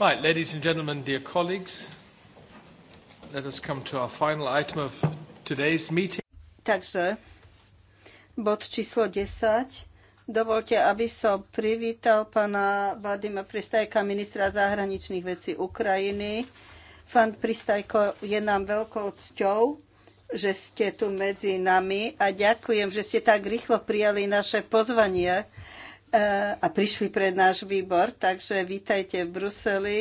Right, ladies and gentlemen, dear colleagues, let us come to our final item of today's meeting. Takže bod číslo 10. Dovolte, aby som privítal pana Vladima Pristajka, ministra zahraničných vecí Ukrajiny. Pán Pristajko, je nám veľkou cťou, že ste tu medzi nami a ďakujem, že ste tak rýchlo prijali naše pozvanie a prišli pred náš výbor, takže vítajte v Bruseli.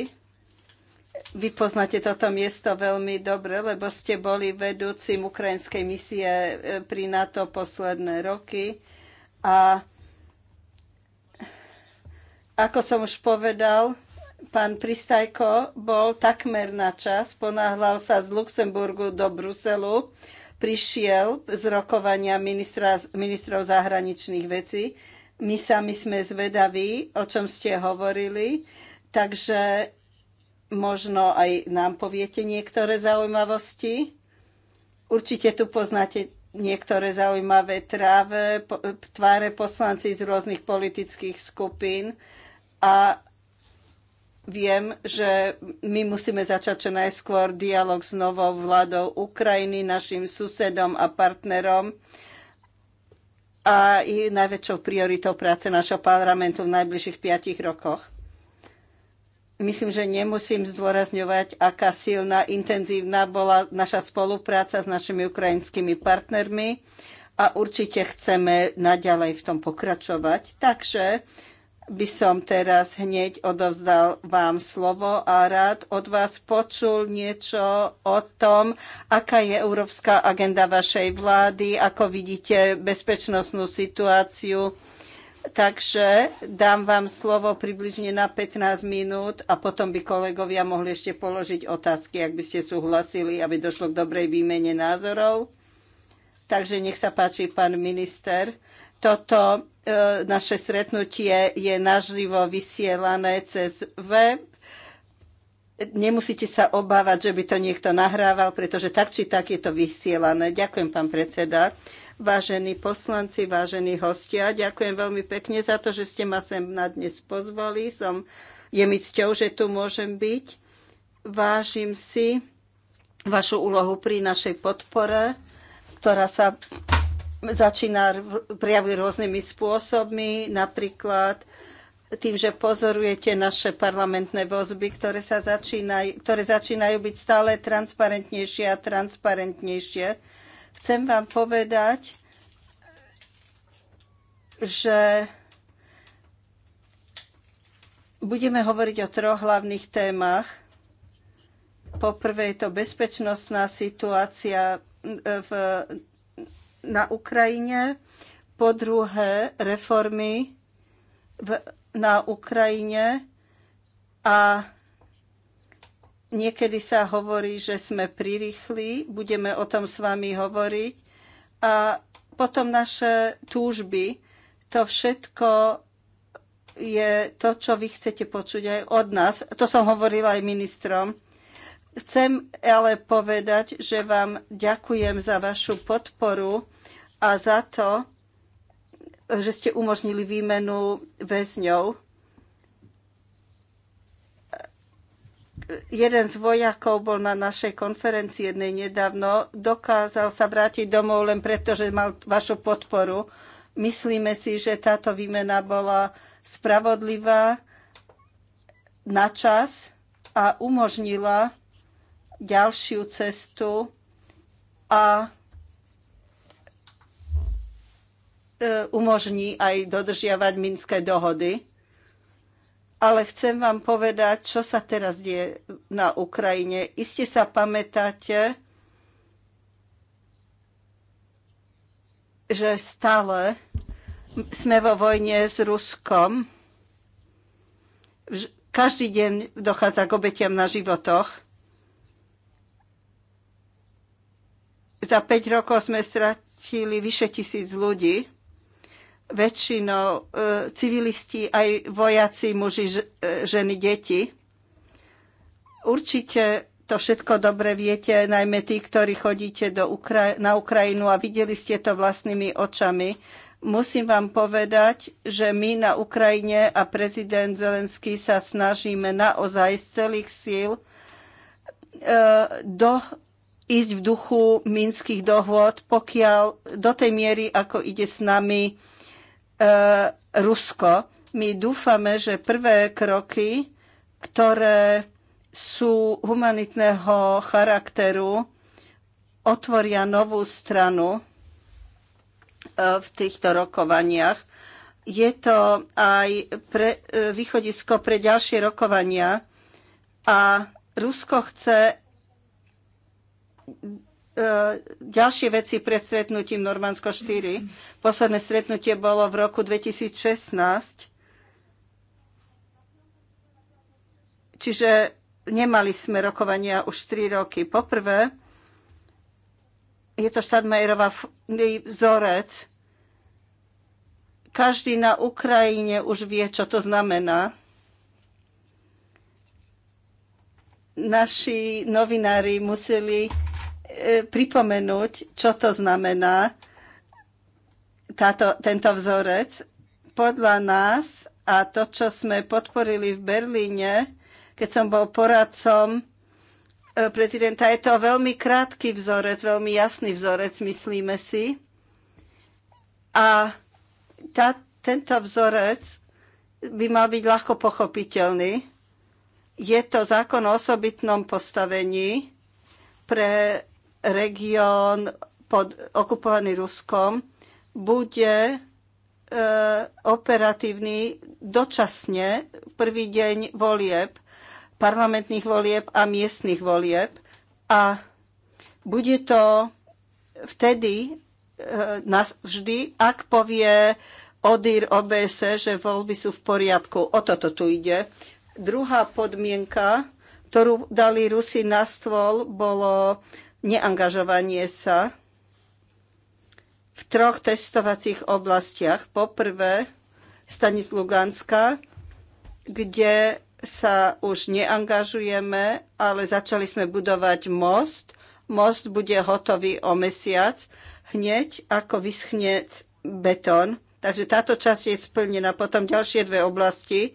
Vy poznáte toto miesto veľmi dobre, lebo ste boli vedúcim ukrajinskej misie e, pri NATO posledné roky. A ako som už povedal, pán Pristajko bol takmer na čas, ponáhľal sa z Luxemburgu do Bruselu, prišiel z rokovania ministra, ministrov zahraničných vecí my sami sme zvedaví, o čom ste hovorili, takže možno aj nám poviete niektoré zaujímavosti. Určite tu poznáte niektoré zaujímavé tráve, tváre poslanci z rôznych politických skupín a viem, že my musíme začať čo najskôr dialog s novou vládou Ukrajiny, našim susedom a partnerom a je najväčšou prioritou práce našho parlamentu v najbližších piatich rokoch. Myslím, že nemusím zdôrazňovať, aká silná, intenzívna bola naša spolupráca s našimi ukrajinskými partnermi a určite chceme naďalej v tom pokračovať. Takže by som teraz hneď odovzdal vám slovo a rád od vás počul niečo o tom, aká je európska agenda vašej vlády, ako vidíte bezpečnostnú situáciu. Takže dám vám slovo približne na 15 minút a potom by kolegovia mohli ešte položiť otázky, ak by ste súhlasili, aby došlo k dobrej výmene názorov. Takže nech sa páči, pán minister. Toto E, naše stretnutie je naživo vysielané cez web. Nemusíte sa obávať, že by to niekto nahrával, pretože tak či tak je to vysielané. Ďakujem, pán predseda. Vážení poslanci, vážení hostia, ďakujem veľmi pekne za to, že ste ma sem na dnes pozvali. Som, je mi cťou, že tu môžem byť. Vážim si vašu úlohu pri našej podpore, ktorá sa začína prejaviť rôznymi spôsobmi, napríklad tým, že pozorujete naše parlamentné vozby, ktoré, sa začínajú, ktoré začínajú byť stále transparentnejšie a transparentnejšie. Chcem vám povedať, že budeme hovoriť o troch hlavných témach. Poprvé je to bezpečnostná situácia e, v na Ukrajine, po druhé reformy v, na Ukrajine a niekedy sa hovorí, že sme prirýchli, budeme o tom s vami hovoriť a potom naše túžby, to všetko je to, čo vy chcete počuť aj od nás. To som hovorila aj ministrom. Chcem ale povedať, že vám ďakujem za vašu podporu a za to, že ste umožnili výmenu väzňov. Jeden z vojakov bol na našej konferencii jednej nedávno, dokázal sa vrátiť domov len preto, že mal vašu podporu. Myslíme si, že táto výmena bola spravodlivá na čas a umožnila ďalšiu cestu a e, umožní aj dodržiavať minské dohody. Ale chcem vám povedať, čo sa teraz deje na Ukrajine. Iste sa pamätáte, že stále sme vo vojne s Ruskom. Každý deň dochádza k obetiam na životoch. Za 5 rokov sme stratili vyše tisíc ľudí, väčšinou e, civilisti, aj vojaci, muži, ž, e, ženy, deti. Určite to všetko dobre viete, najmä tí, ktorí chodíte do Ukra- na Ukrajinu a videli ste to vlastnými očami. Musím vám povedať, že my na Ukrajine a prezident Zelenský sa snažíme naozaj z celých síl e, do ísť v duchu minských dohôd, pokiaľ do tej miery, ako ide s nami e, Rusko. My dúfame, že prvé kroky, ktoré sú humanitného charakteru, otvoria novú stranu e, v týchto rokovaniach. Je to aj pre, e, východisko pre ďalšie rokovania a Rusko chce E, ďalšie veci pred stretnutím Normandsko 4. Posledné stretnutie bolo v roku 2016. Čiže nemali sme rokovania už 3 roky. Poprvé, je to štátmajerová vzorec. Každý na Ukrajine už vie, čo to znamená. Naši novinári museli pripomenúť, čo to znamená táto, tento vzorec. Podľa nás a to, čo sme podporili v Berlíne, keď som bol poradcom e, prezidenta, je to veľmi krátky vzorec, veľmi jasný vzorec, myslíme si. A tá, tento vzorec by mal byť ľahko pochopiteľný. Je to zákon o osobitnom postavení pre región pod, okupovaný Ruskom bude e, operatívny dočasne prvý deň volieb, parlamentných volieb a miestnych volieb. A bude to vtedy e, navždy, ak povie ODIR OBS, že voľby sú v poriadku. O toto tu ide. Druhá podmienka, ktorú dali Rusi na stôl, bolo neangažovanie sa v troch testovacích oblastiach. Poprvé Stanis Luganska, kde sa už neangažujeme, ale začali sme budovať most. Most bude hotový o mesiac, hneď ako vyschne betón. Takže táto časť je splnená. Potom ďalšie dve oblasti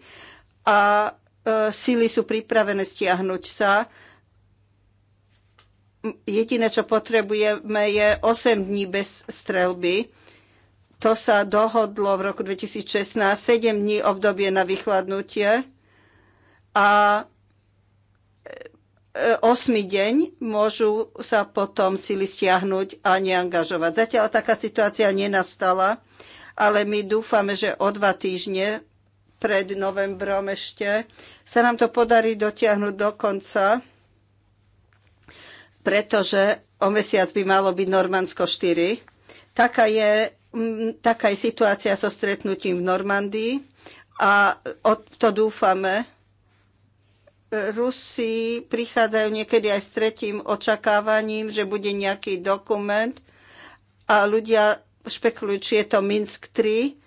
a e, síly sú pripravené stiahnuť sa jediné, čo potrebujeme, je 8 dní bez strelby. To sa dohodlo v roku 2016, 7 dní obdobie na vychladnutie a 8 e, deň môžu sa potom sily stiahnuť a neangažovať. Zatiaľ taká situácia nenastala, ale my dúfame, že o dva týždne pred novembrom ešte sa nám to podarí dotiahnuť do konca pretože o mesiac by malo byť Normandsko 4. Taká je, taká je situácia so stretnutím v Normandii a od, to dúfame. Rusi prichádzajú niekedy aj s tretím očakávaním, že bude nejaký dokument a ľudia špekulujú, či je to Minsk 3,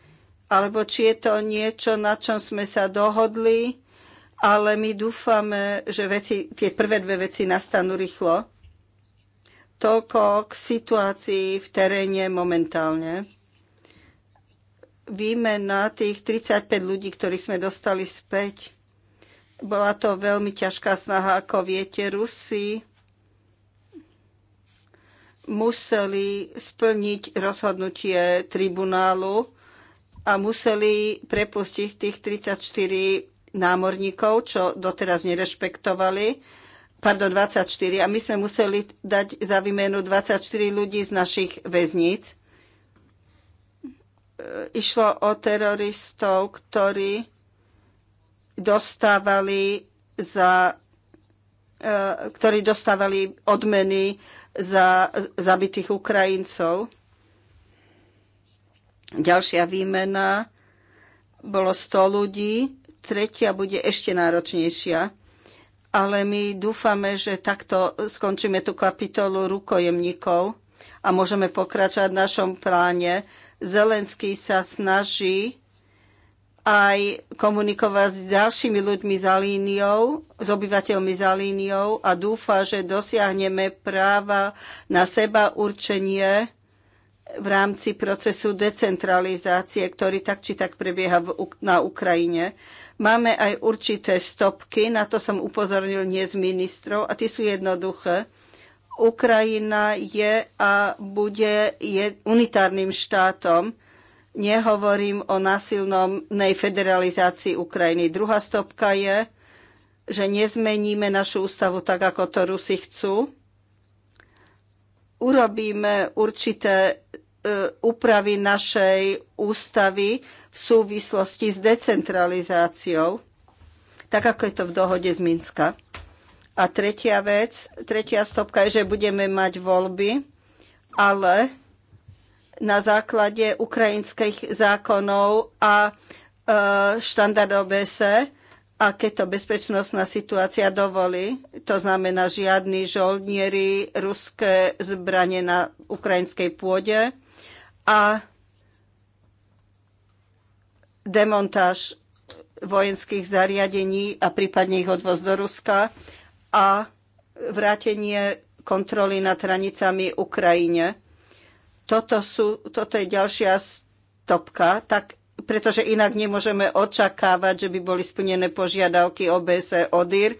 alebo či je to niečo, na čom sme sa dohodli, ale my dúfame, že veci, tie prvé dve veci nastanú rýchlo. Toľko k situácii v teréne momentálne. Výmena tých 35 ľudí, ktorých sme dostali späť, bola to veľmi ťažká snaha, ako viete, Rusi museli splniť rozhodnutie tribunálu a museli prepustiť tých 34 námorníkov, čo doteraz nerešpektovali pardon, 24 a my sme museli dať za výmenu 24 ľudí z našich väzníc. E, išlo o teroristov, ktorí dostávali za e, ktorí dostávali odmeny za zabitých Ukrajincov. Ďalšia výmena bolo 100 ľudí, tretia bude ešte náročnejšia ale my dúfame, že takto skončíme tú kapitolu rukojemníkov a môžeme pokračovať v našom pláne. Zelenský sa snaží aj komunikovať s ďalšími ľuďmi za líniou, s obyvateľmi za líniou a dúfa, že dosiahneme práva na seba určenie v rámci procesu decentralizácie, ktorý tak či tak prebieha na Ukrajine. Máme aj určité stopky, na to som upozornil dnes ministrov a tie sú jednoduché. Ukrajina je a bude unitárnym štátom. Nehovorím o násilnej federalizácii Ukrajiny. Druhá stopka je, že nezmeníme našu ústavu tak, ako to Rusi chcú. Urobíme určité e, úpravy našej ústavy, v súvislosti s decentralizáciou, tak ako je to v dohode z Minska. A tretia vec, tretia stopka je, že budeme mať voľby, ale na základe ukrajinských zákonov a e, štandardov BSE, a keď to bezpečnostná situácia dovolí, to znamená žiadny žoldnieri, ruské zbranie na ukrajinskej pôde a demontáž vojenských zariadení a prípadne ich odvoz do Ruska a vrátenie kontroly nad hranicami Ukrajine. Toto, sú, toto je ďalšia stopka, tak, pretože inak nemôžeme očakávať, že by boli splnené požiadavky OBS e, ODIR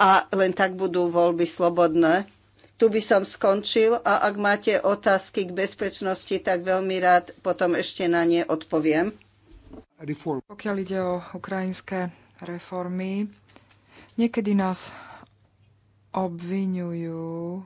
a len tak budú voľby slobodné. Tu by som skončil a ak máte otázky k bezpečnosti, tak veľmi rád potom ešte na ne odpoviem. Pokiaľ ide o ukrajinské reformy, niekedy nás obvinujú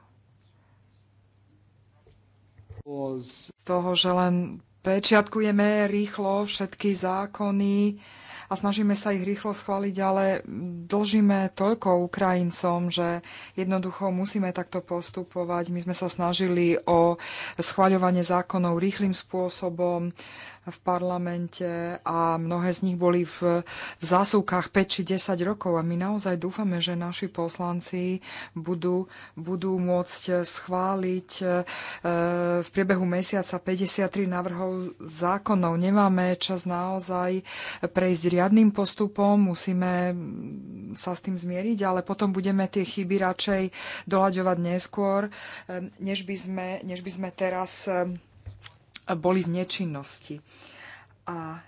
z toho, že len pečiatkujeme rýchlo všetky zákony a snažíme sa ich rýchlo schváliť, ale dlžíme toľko Ukrajincom, že jednoducho musíme takto postupovať. My sme sa snažili o schváľovanie zákonov rýchlým spôsobom v parlamente a mnohé z nich boli v, v zásuvkách 5 či 10 rokov a my naozaj dúfame, že naši poslanci budú, budú môcť schváliť e, v priebehu mesiaca 53 návrhov zákonov. Nemáme čas naozaj prejsť riadným postupom, musíme sa s tým zmieriť, ale potom budeme tie chyby radšej doľaďovať neskôr, e, než by sme, než by sme teraz e, boli v nečinnosti. A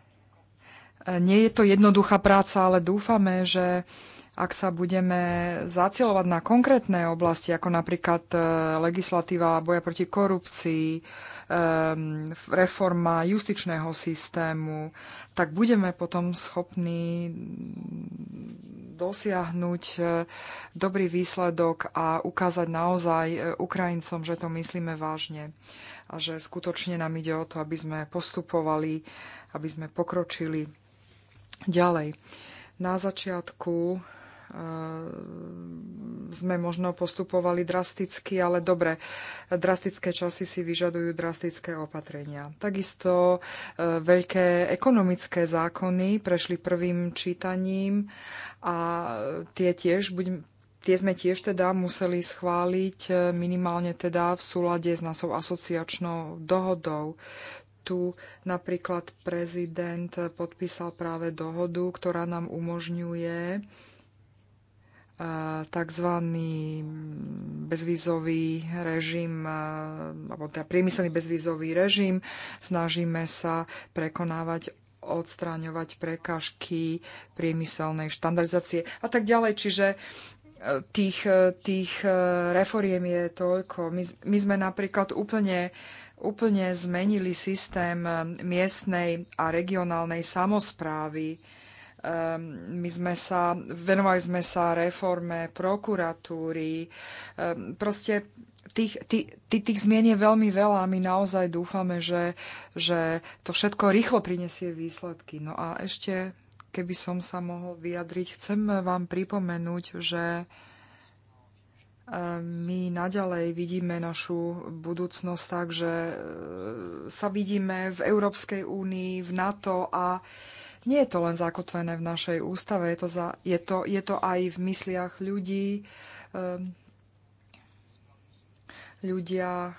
e, nie je to jednoduchá práca, ale dúfame, že ak sa budeme zacielovať na konkrétne oblasti, ako napríklad e, legislatíva boja proti korupcii, e, reforma justičného systému, tak budeme potom schopní dosiahnuť e, dobrý výsledok a ukázať naozaj e, Ukrajincom, že to myslíme vážne a že skutočne nám ide o to, aby sme postupovali, aby sme pokročili ďalej. Na začiatku Ehm, sme možno postupovali drasticky, ale dobre, drastické časy si vyžadujú drastické opatrenia. Takisto ehm, veľké ekonomické zákony prešli prvým čítaním a tie tiež budem, Tie sme tiež teda museli schváliť ehm, minimálne teda v súlade s našou asociačnou dohodou tu napríklad prezident podpísal práve dohodu, ktorá nám umožňuje tzv. bezvízový režim, alebo teda priemyselný bezvízový režim. Snažíme sa prekonávať odstráňovať prekážky priemyselnej štandardizácie a tak ďalej. Čiže e, tých, e, tých e, reforiem je toľko. My, my sme napríklad úplne úplne zmenili systém miestnej a regionálnej samozprávy. Uh, Ehm, my sme sa, venovali sme sa reforme prokuratúry. Ehm, proste tých, tých, tých, zmien je veľmi veľa a my naozaj dúfame, že, že to všetko rýchlo prinesie výsledky. No a ešte, keby som sa mohol vyjadriť, chcem vám pripomenúť, že ehm, my naďalej vidíme našu budúcnosť tak, že sa vidíme v Európskej únii, v NATO a nie je to len zakotvené v našej ústave, je to, za, je to, je to aj v mysliach ľudí. Um, ľudia,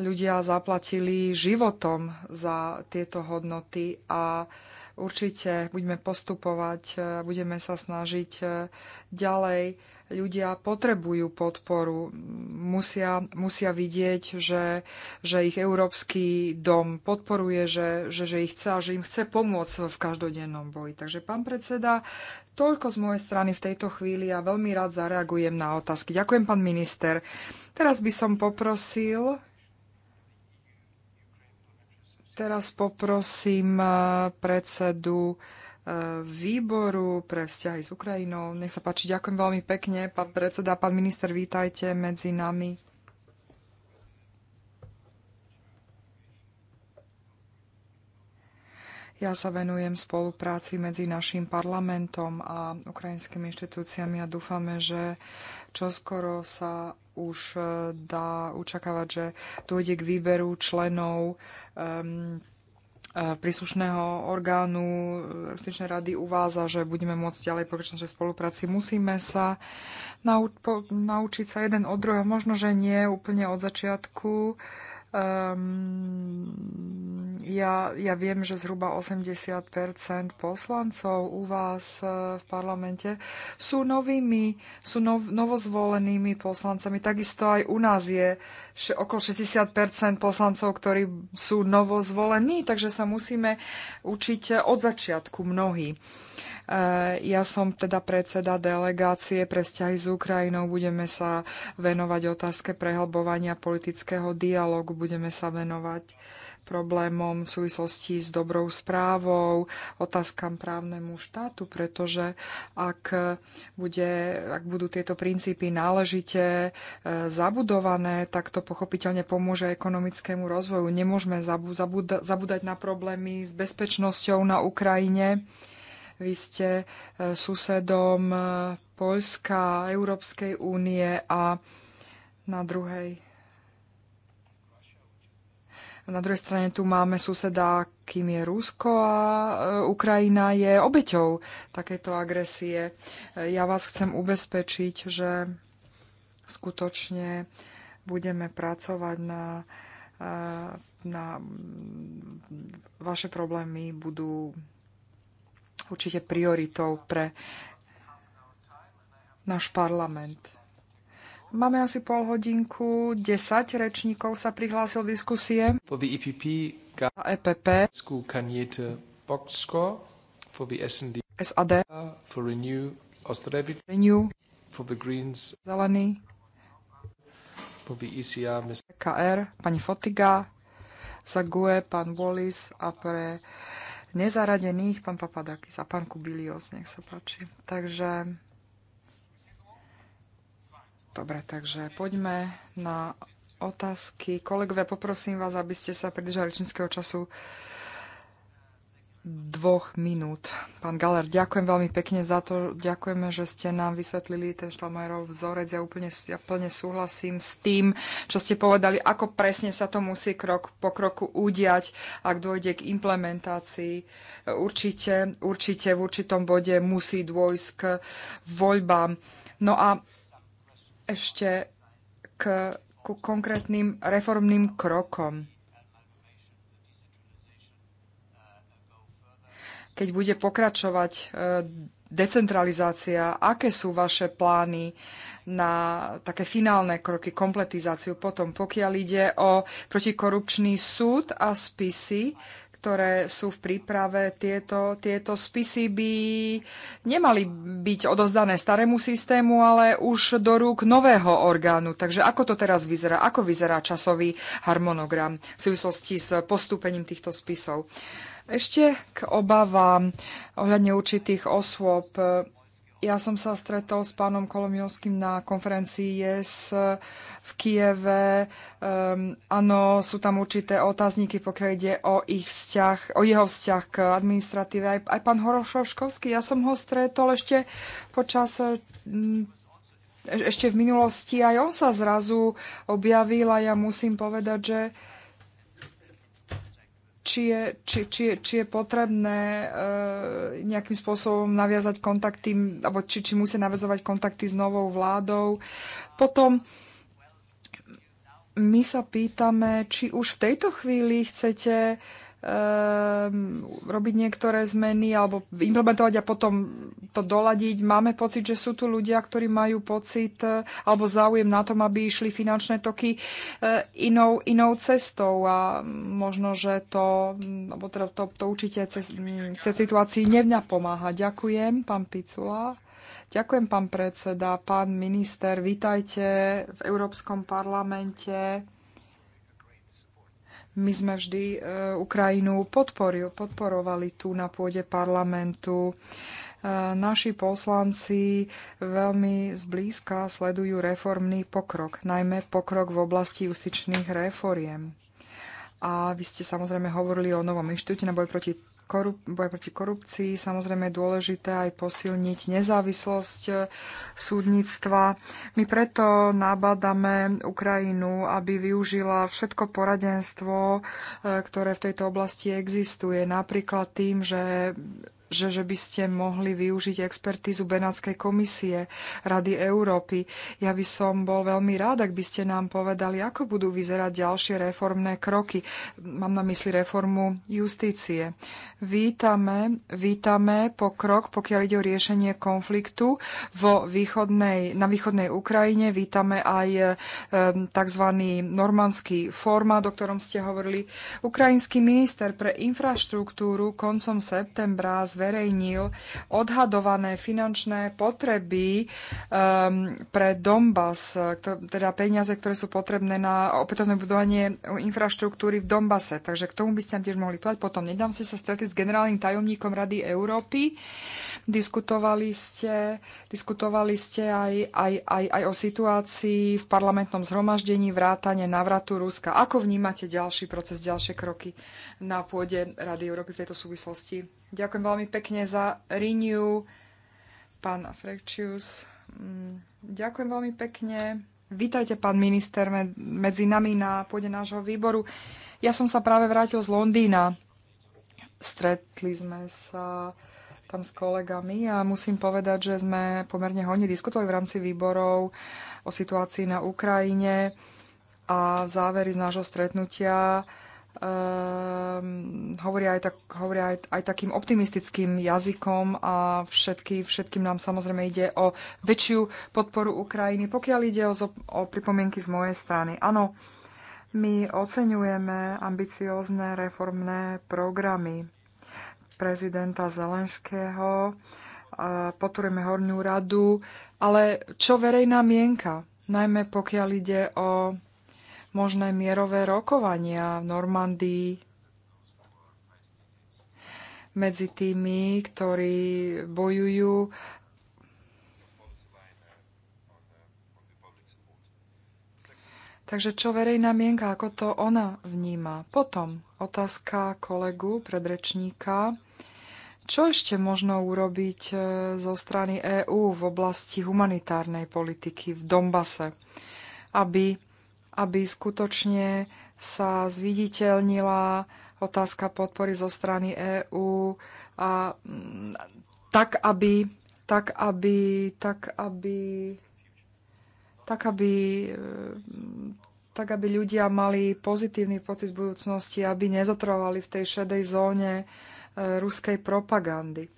ľudia zaplatili životom za tieto hodnoty a určite budeme postupovať, eh, budeme sa snažiť eh, ďalej ľudia potrebujú podporu, musia, musia vidieť, že, že ich Európsky dom podporuje, že, že, že ich chce a že im chce pomôcť v každodennom boji. Takže pán predseda, toľko z mojej strany v tejto chvíli a ja veľmi rád zareagujem na otázky. Ďakujem, pán minister. Teraz by som poprosil Teraz poprosím eh, predsedu výboru pre vzťahy s Ukrajinou. Nech sa páči, ďakujem veľmi pekne. Pán predseda, pán minister, vítajte medzi nami. Ja sa venujem spolupráci medzi našim parlamentom a ukrajinskými inštitúciami a dúfame, že čoskoro sa už eh, dá očakávať, že dôjde k výberu členov um, E, príslušného orgánu Justičnej rady uvádza, že budeme môcť ďalej pokračovať v spolupráci. Musíme sa nauč- po- naučiť sa jeden od druhého, možno, že nie úplne od začiatku, Um, ja, ja viem, že zhruba 80 poslancov u vás eh, v parlamente sú novými, sú nov, novozvolenými poslancami. Takisto aj u nás je okolo 60 poslancov, ktorí sú novozvolení, takže sa musíme učiť od začiatku mnohí. Eh, ja som teda predseda delegácie pre vzťahy s Ukrajinou. Budeme sa venovať otázke prehlbovania politického dialogu. Budeme sa venovať problémom v súvislosti s dobrou správou, otázkam právnemu štátu, pretože ak, bude, ak budú tieto princípy náležite eh, zabudované, tak to pochopiteľne pomôže ekonomickému rozvoju. Nemôžeme zabúdať na problémy s bezpečnosťou na Ukrajine vy ste e, susedom e, Poľska, Európskej únie a na druhej na druhej strane tu máme suseda, kým je Rusko a e, Ukrajina je obeťou takéto agresie. Ja vás chcem ubezpečiť, že skutočne budeme pracovať na, na vaše problémy budú určite prioritou pre náš parlament. Máme asi pol hodinku, 10 rečníkov sa prihlásil v diskusie. For the EPP, a EPP, Kaniete for the SND, SAD, for Renew, Renew, for the Greens, Zelený, for the ECR, Mr. E KR, pani Fotiga, za GUE, pán Wallis a pre nezaradených, pán Papadakis a pán Kubilios, nech sa páči. Takže, dobre, takže poďme na otázky. Kolegovia, poprosím vás, aby ste sa pridržali čínskeho času dvoch minút. Pán Galer, ďakujem veľmi pekne za to. Ďakujeme, že ste nám vysvetlili ten Štalmajerov vzorec. Ja úplne, ja plne súhlasím s tým, čo ste povedali, ako presne sa to musí krok po kroku udiať, ak dôjde k implementácii. Určite, určite v určitom bode musí dôjsť k voľbám. No a ešte k, ku konkrétnym reformným krokom keď bude pokračovať e, decentralizácia, aké sú vaše plány na také finálne kroky, kompletizáciu potom, pokiaľ ide o protikorupčný súd a spisy, ktoré sú v príprave, tieto, tieto spisy by nemali byť odozdané starému systému, ale už do rúk nového orgánu. Takže ako to teraz vyzerá? Ako vyzerá časový harmonogram v súvislosti s postúpením týchto spisov? Uh, ešte k obavám ohľadne určitých osôb. Ja som sa stretol s pánom Kolomiovským na konferencii JES v Kieve. Um, áno, sú tam určité otázniky, pokiaľ ide o, ich vzťah, o jeho vzťah k administratíve. Aj, aj pán Horošovškovský, ja som ho stretol ešte počas mm, e, ešte v minulosti aj on sa zrazu objavil a ja musím povedať, že uh, či je, či, či, je, či je potrebné e, nejakým spôsobom naviazať kontakty, alebo či, či musia naviazovať kontakty s novou vládou. Potom my sa pýtame, či už v tejto chvíli chcete e, Ehm, robiť niektoré zmeny alebo implementovať a potom to doladiť. Máme pocit, že sú tu ľudia, ktorí majú pocit e, alebo záujem na tom, aby išli finančné toky e, inou, inou cestou a možno, že to, alebo to, teda to, to určite cez, cez situácii nevňa pomáha. Ďakujem, pán Picula. Ďakujem, pán predseda, pán minister. Vítajte v Európskom parlamente. My sme vždy e, Ukrajinu podporil, podporovali tu na pôde parlamentu. E, naši poslanci veľmi zblízka sledujú reformný pokrok, najmä pokrok v oblasti justičných reforiem. A vy ste samozrejme hovorili o novom inštitúte na boj proti korup- boja proti korupcii. Samozrejme je dôležité aj posilniť nezávislosť eh, súdnictva. My preto nabádame Ukrajinu, aby využila všetko poradenstvo, eh, ktoré v tejto oblasti existuje. Napríklad tým, že že, že by ste mohli využiť expertízu Benátskej komisie Rady Európy. Ja by som bol veľmi rád, ak by ste nám povedali, ako budú vyzerať ďalšie reformné kroky. Mám na mysli reformu justície. Vítame, vítame pokrok, pokiaľ ide o riešenie konfliktu vo východnej, na východnej Ukrajine. Vítame aj e, tzv. normandský formát, o ktorom ste hovorili. Ukrajinský minister pre infraštruktúru koncom septembra zverejnil odhadované finančné potreby um, pre Donbass, teda peniaze, ktoré sú potrebné na opätovné budovanie infraštruktúry v Donbase. Takže k tomu by ste tiež mohli povedať. Potom nedám si sa stretli s generálnym tajomníkom Rady Európy. Uh, Diskutovali ste, diskutovali ste aj, aj, aj, aj o situácii v parlamentnom zhromaždení, vrátane navratu Ruska. Ako vnímate ďalší proces, ďalšie kroky na pôde Rady Európy v tejto súvislosti? Ďakujem veľmi pekne za Renew, pán Frekčius. Mm, ďakujem veľmi pekne. Vítajte, pán minister, medzi nami na pôde nášho výboru. Ja som sa práve vrátil z Londýna. Stretli sme sa tam s kolegami a musím povedať, že sme pomerne hodne diskutovali v rámci výborov o situácii na Ukrajine a závery z nášho stretnutia um, hovoria, aj, tak, hovoria aj, aj takým optimistickým jazykom a všetky, všetkým nám samozrejme ide o väčšiu podporu Ukrajiny. Pokiaľ ide o, o pripomienky z mojej strany, áno, my oceňujeme ambiciózne reformné programy prezidenta Zelenského, potvorujeme hornú radu, ale čo verejná mienka, najmä pokiaľ ide o možné mierové rokovania v Normandii medzi tými, ktorí bojujú Takže čo verejná mienka, ako to ona vníma? Potom otázka kolegu, predrečníka. Čo ešte možno urobiť e, zo strany EÚ v oblasti humanitárnej politiky v Dombase, aby, aby skutočne sa zviditeľnila otázka podpory zo strany EÚ a tak, aby tak, aby, tak, aby, tak, aby e, tak aby ľudia mali pozitívny pocit z budúcnosti, aby nezotrovali v tej šedej zóne, ruskej propagandy.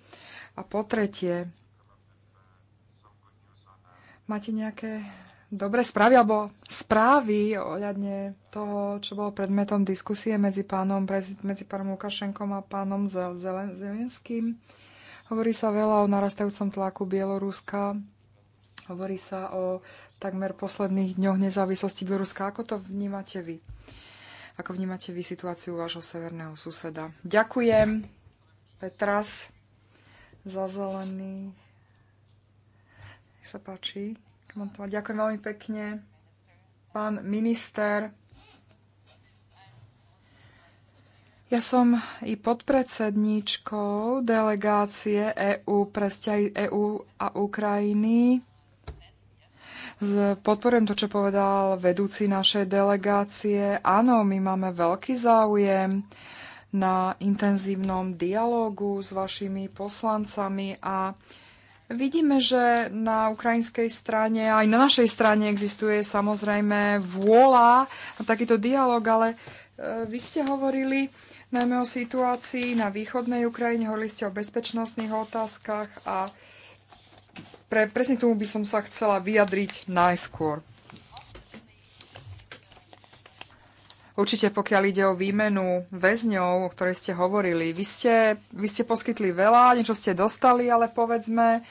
A po tretie, máte nejaké dobré správy alebo správy ohľadne toho, čo bolo predmetom diskusie medzi pánom, medzi pánom Lukašenkom a pánom Zelenským. Hovorí sa veľa o narastajúcom tlaku Bieloruska, hovorí sa o takmer posledných dňoch nezávislosti Bieloruska. Ako to vnímate vy? Ako vnímate vy situáciu vášho severného suseda? Ďakujem. Petras za zelený. Nech sa páči. Ďakujem veľmi pekne. Pán minister, ja som i podpredsedníčkou delegácie EU pre vzťahy EU a Ukrajiny. Podporujem to, čo povedal vedúci našej delegácie. Áno, my máme veľký záujem na intenzívnom dialógu s vašimi poslancami a Vidíme, že na ukrajinskej strane, aj na našej strane existuje samozrejme vôľa a takýto dialog, ale e, vy ste hovorili najmä o situácii na východnej Ukrajine, hovorili ste o bezpečnostných otázkach a pre, presne tomu by som sa chcela vyjadriť najskôr. Určite pokiaľ ide o výmenu väzňov, o ktorej ste hovorili, vy ste, vy ste poskytli veľa, niečo ste dostali, ale povedzme,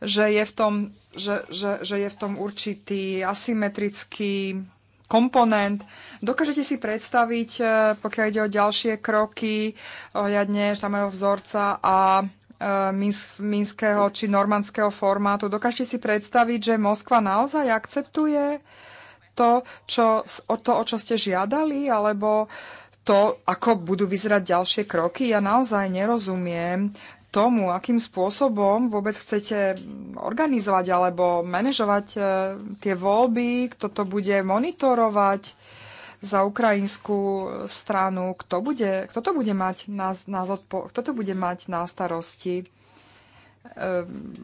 že je v tom, že, že, že je v tom určitý asymetrický komponent. Dokážete si predstaviť, e, pokiaľ ide o ďalšie kroky, ohľadne štámeho vzorca a e, minského či normandského formátu. Dokážete si predstaviť, že Moskva naozaj akceptuje to, čo, o to, o čo ste žiadali, alebo to, ako budú vyzerať ďalšie kroky. Ja naozaj nerozumiem tomu, akým spôsobom vôbec chcete organizovať alebo manažovať e, tie voľby, kto to bude monitorovať za ukrajinskú stranu, kto, bude, kto, to bude mať na, na, kto to bude mať na starosti. Ehm,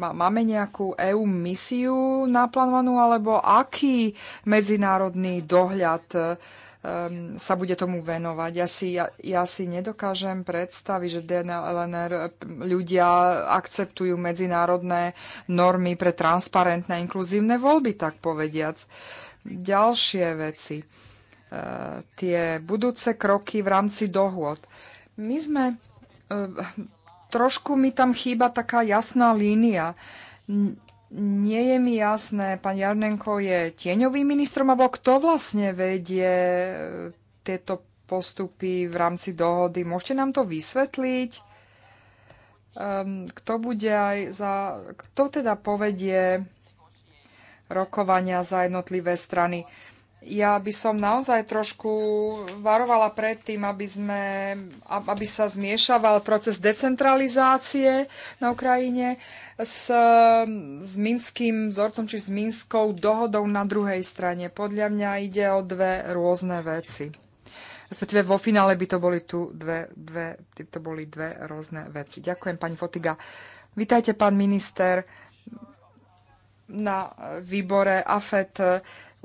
máme nejakú EU misiu naplánovanú, alebo aký medzinárodný dohľad ehm, sa bude tomu venovať. Ja si, ja, ja si nedokážem predstaviť, že DNLNR eh, ľudia akceptujú medzinárodné normy pre transparentné inkluzívne voľby, tak povediac. Ďalšie veci. E, tie budúce kroky v rámci dohôd. My sme eh, trošku mi tam chýba taká jasná línia. Nie je mi jasné, pán Jarnenko je tieňovým ministrom, alebo kto vlastne vedie e, tieto postupy v rámci dohody. Môžete nám to vysvetliť? Ehm, kto bude aj za... Kto teda povedie rokovania za jednotlivé strany? ja by som naozaj trošku varovala pred tým, aby, sme, aby sa zmiešaval proces decentralizácie na Ukrajine s, s Minským vzorcom či s Minskou dohodou na druhej strane. Podľa mňa ide o dve rôzne veci. Respektíve vo finále by to boli tu dve, dve, to boli dve rôzne veci. Ďakujem, pani Fotiga. Vítajte, pán minister, na výbore AFET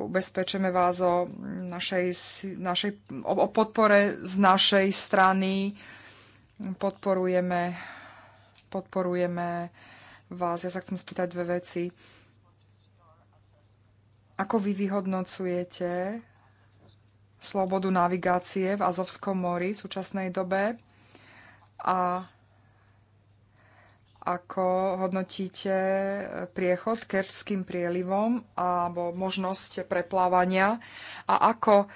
ubezpečujeme vás o, našej, našej, o, o podpore z našej strany. Podporujeme, podporujeme vás. Ja sa chcem spýtať dve veci. Ako vy vyhodnocujete slobodu navigácie v Azovskom mori v súčasnej dobe a ako hodnotíte eh, priechod kepským prielivom alebo možnosť preplávania a ako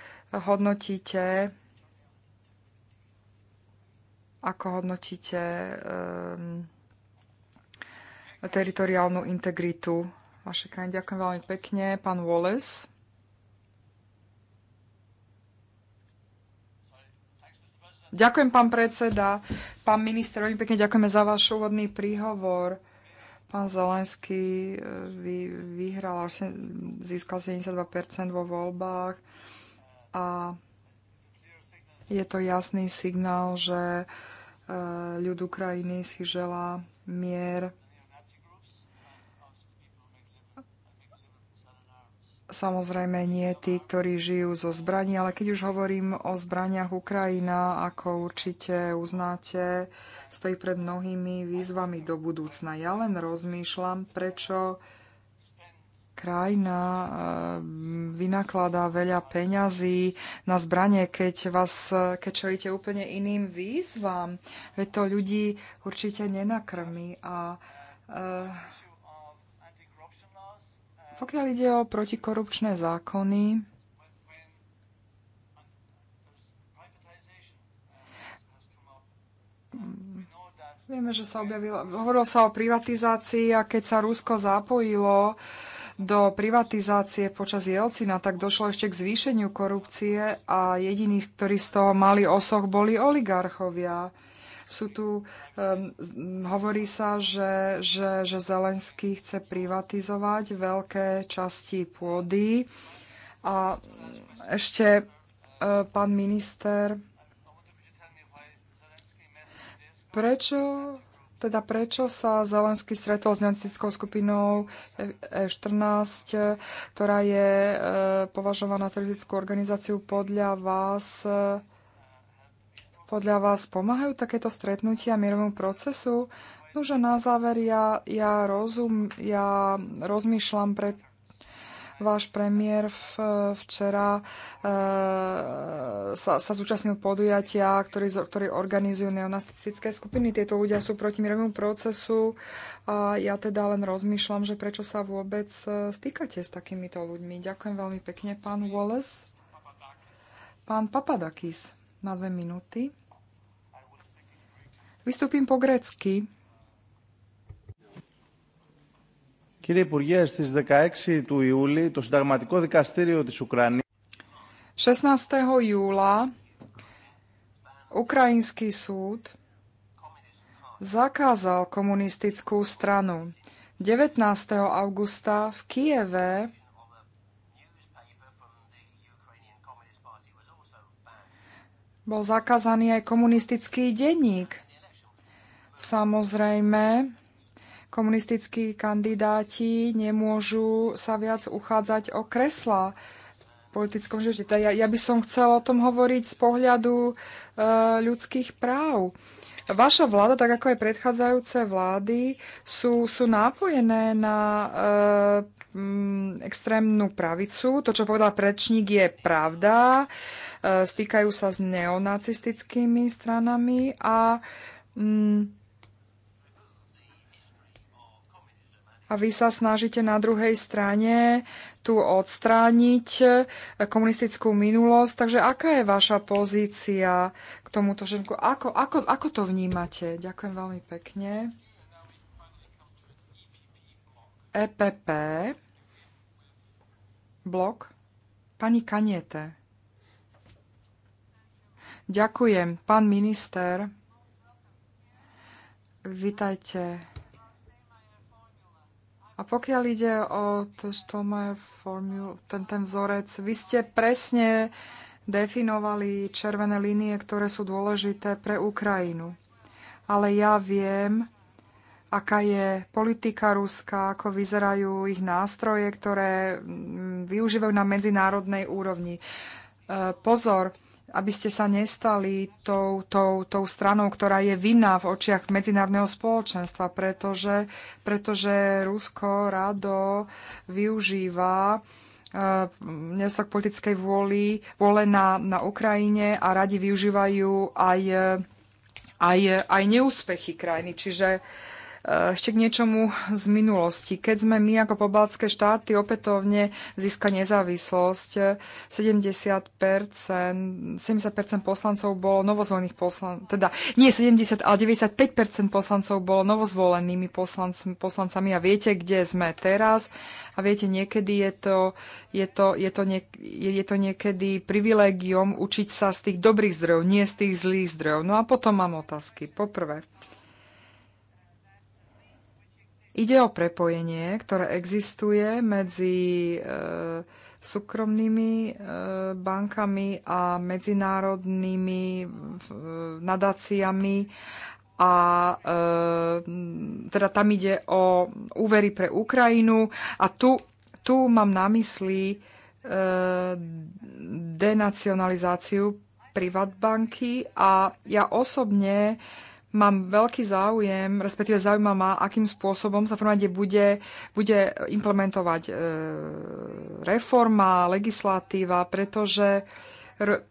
hodnotíte ako hodnotíte um, teritoriálnu integritu vašej krajiny. Ďakujem veľmi pekne, pán Wallace. Ďakujem, pán predseda. Pán minister, veľmi pekne ďakujeme za váš úvodný príhovor. Pán Zelenský e, vy, vyhral, získal 72% vo voľbách a je to jasný signál, že e, ľud Ukrajiny si želá mier, Samozrejme nie tí, ktorí žijú zo zbraní, ale keď už hovorím o zbraniach Ukrajina, ako určite uznáte, stojí pred mnohými výzvami do budúcna. Ja len rozmýšľam, prečo krajina ehm, vynakladá veľa peňazí na zbranie, keď, vás, keď čelíte úplne iným výzvam. Veď to ľudí určite nenakrmi a uh, pokiaľ ide o protikorupčné zákony, Vieme, že sa objavilo, hovorilo sa o privatizácii a keď sa Rusko zapojilo do privatizácie počas Jelcina, tak došlo ešte k zvýšeniu korupcie a jediní, ktorí z toho mali osoch, boli oligarchovia. Sú tu, um, hovorí sa, že, že, že Zelenský chce privatizovať veľké časti pôdy. A ešte uh, pán minister, prečo teda prečo sa Zelenský stretol s nacistickou skupinou E14, ktorá je uh, považovaná za organizáciu podľa vás? Uh, podľa vás pomáhajú takéto stretnutia mierovému procesu? Nože na záver ja, ja, rozum, ja rozmýšľam pre váš premiér v, včera e, sa, sa zúčastnil podujatia, ktorý, ktorý organizujú neonastické skupiny. Tieto ľudia sú proti mierovému procesu a ja teda len rozmýšľam, že prečo sa vôbec e, stýkate s takýmito ľuďmi. Ďakujem veľmi pekne, pán Wallace. Pán Papadakis, na dve minúty. Vystúpim po grecky. Κύριε Υπουργέ, στις 16 του Ιούλη το Συνταγματικό Δικαστήριο της Ουκρανίας 16. júla Ukrajinský súd zakázal komunistickú stranu. 19. augusta v Kieve bol zakázaný aj komunistický denník. Samozrejme, komunistickí kandidáti nemôžu sa viac uchádzať o kresla v politickom živote. Teda ja, ja by som chcela o tom hovoriť z pohľadu e, ľudských práv. Vaša vláda, tak ako aj predchádzajúce vlády, sú, sú nápojené na e, m, extrémnu pravicu. To, čo povedal Prečník, je pravda. E, stýkajú sa s neonacistickými stranami a m, a vy sa snažíte na druhej strane tu odstrániť e, komunistickú minulosť. Takže aká je vaša pozícia k tomuto všetku? Ako, ako, ako to vnímate? Ďakujem veľmi pekne. EPP blok pani Kaniete. Ďakujem, pán minister. Vítajte a pokiaľ ide o to Stomer formul, ten, ten vzorec, vy ste presne definovali červené línie, ktoré sú dôležité pre Ukrajinu. Ale ja viem, aká je politika Ruska, ako vyzerajú ich nástroje, ktoré mm, využívajú na medzinárodnej úrovni. E, pozor, aby ste sa nestali tou, tou, tou stranou, ktorá je vinná v očiach medzinárodného spoločenstva, pretože, pretože Rusko rado využíva eh, nedostatok politickej vôli, vôle na, na Ukrajine a radi využívajú aj, eh, aj, eh, aj neúspechy krajiny. Čiže uh, Eh, ešte k niečomu z minulosti. Keď sme my ako pobaltské štáty opätovne získali nezávislosť, 70%, 70% poslancov bolo novozvolených poslancov, teda nie 70, ale 95% poslancov bolo novozvolenými poslanc, poslancami a viete, kde sme teraz a viete, niekedy je to, je to, je to, niek- je, je to niekedy privilégium učiť sa z tých dobrých zdrojov, nie z tých zlých zdrojov. No a potom mám otázky. Poprvé, Ide o prepojenie, ktoré existuje medzi e, súkromnými e, bankami a medzinárodnými e, nadáciami a e, teda tam ide o úvery pre Ukrajinu a tu, tu mám na mysli e, denacionalizáciu privatbanky a ja osobne e, mám veľký záujem, respektíve zaujíma ma, akým spôsobom sa v prvom bude, bude implementovať e, reforma, legislatíva, pretože r-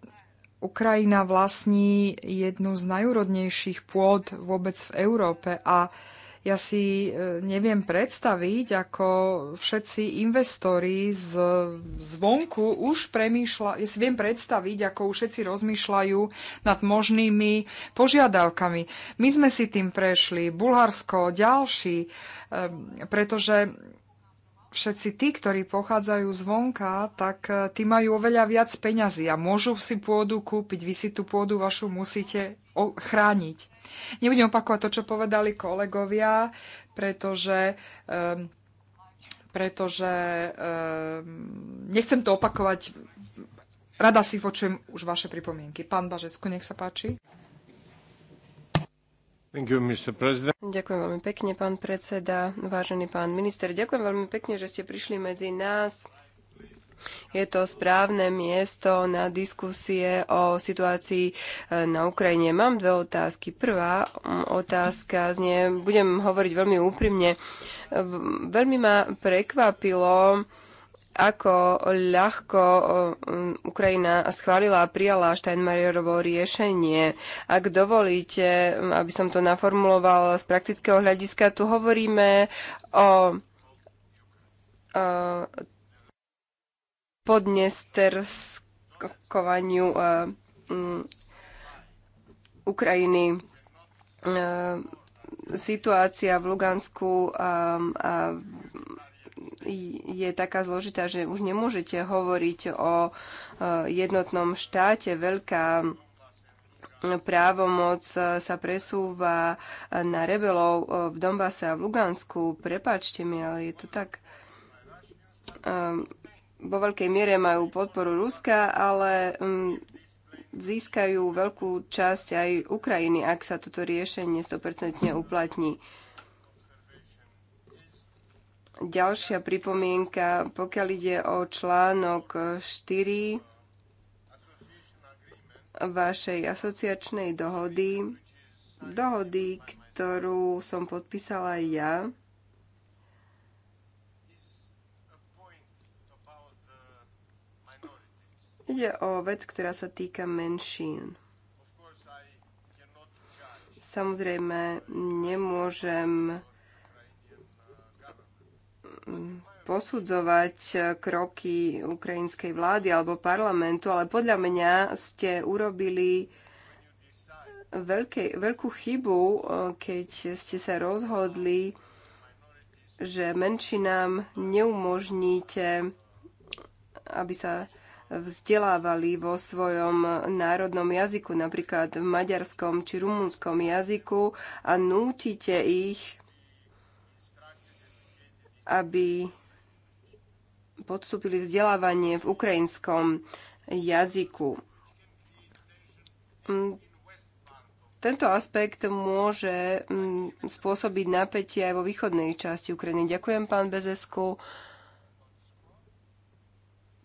Ukrajina vlastní jednu z najúrodnejších pôd vôbec v Európe a ja si e, neviem predstaviť, ako všetci investori z, zvonku už premýšľajú, ja si viem predstaviť, ako už všetci rozmýšľajú nad možnými požiadavkami. My sme si tým prešli, Bulharsko, ďalší, e, pretože všetci tí, ktorí pochádzajú zvonka, tak e, tí majú oveľa viac peňazí a môžu si pôdu kúpiť. Vy si tú pôdu vašu musíte chrániť. Nebudem opakovať to, čo povedali kolegovia, pretože, um, pretože um, nechcem to opakovať. Rada si počujem už vaše pripomienky. Pán Bažecku, nech sa páči ďakujem veľmi pekne, pán predseda, vážený pán minister. Ďakujem veľmi pekne, že ste prišli medzi nás. Je to správne miesto na diskusie o situácii e, na Ukrajine. Mám dve otázky. Prvá otázka znie, budem hovoriť veľmi úprimne. Veľmi ma prekvapilo, ako ľahko Ukrajina schválila a prijala Steinmeierovo riešenie. Ak dovolíte, aby som to naformuloval z praktického hľadiska, tu hovoríme o, o podnesterskovaniu e, Ukrajiny e, situácia v Lugansku a, a v je taká zložitá, že už nemôžete hovoriť o e, jednotnom štáte. Veľká e, právomoc e, sa presúva na rebelov v Donbase a v Lugansku. Prepačte mi, ale je to tak. Vo veľkej miere majú podporu Ruska, ale získajú veľkú časť aj Ukrajiny, ak sa toto riešenie 100% uplatní. Ďalšia pripomienka, pokiaľ ide o článok 4 vašej asociačnej dohody, dohody, ktorú som podpísala aj ja, Ide o vec, ktorá sa týka menšín. Samozrejme, nemôžem posudzovať eh, kroky ukrajinskej vlády alebo parlamentu, ale podľa mňa ste urobili veľké, veľkú chybu, eh, keď ste sa rozhodli, že menšinám neumožníte, aby sa vzdelávali vo svojom národnom jazyku, napríklad v maďarskom či rumunskom jazyku a nútite ich aby podstúpili vzdelávanie v ukrajinskom jazyku. Mm, tento aspekt môže mm, spôsobiť napätie aj vo východnej časti Ukrajiny. Ďakujem, pán Bezesku.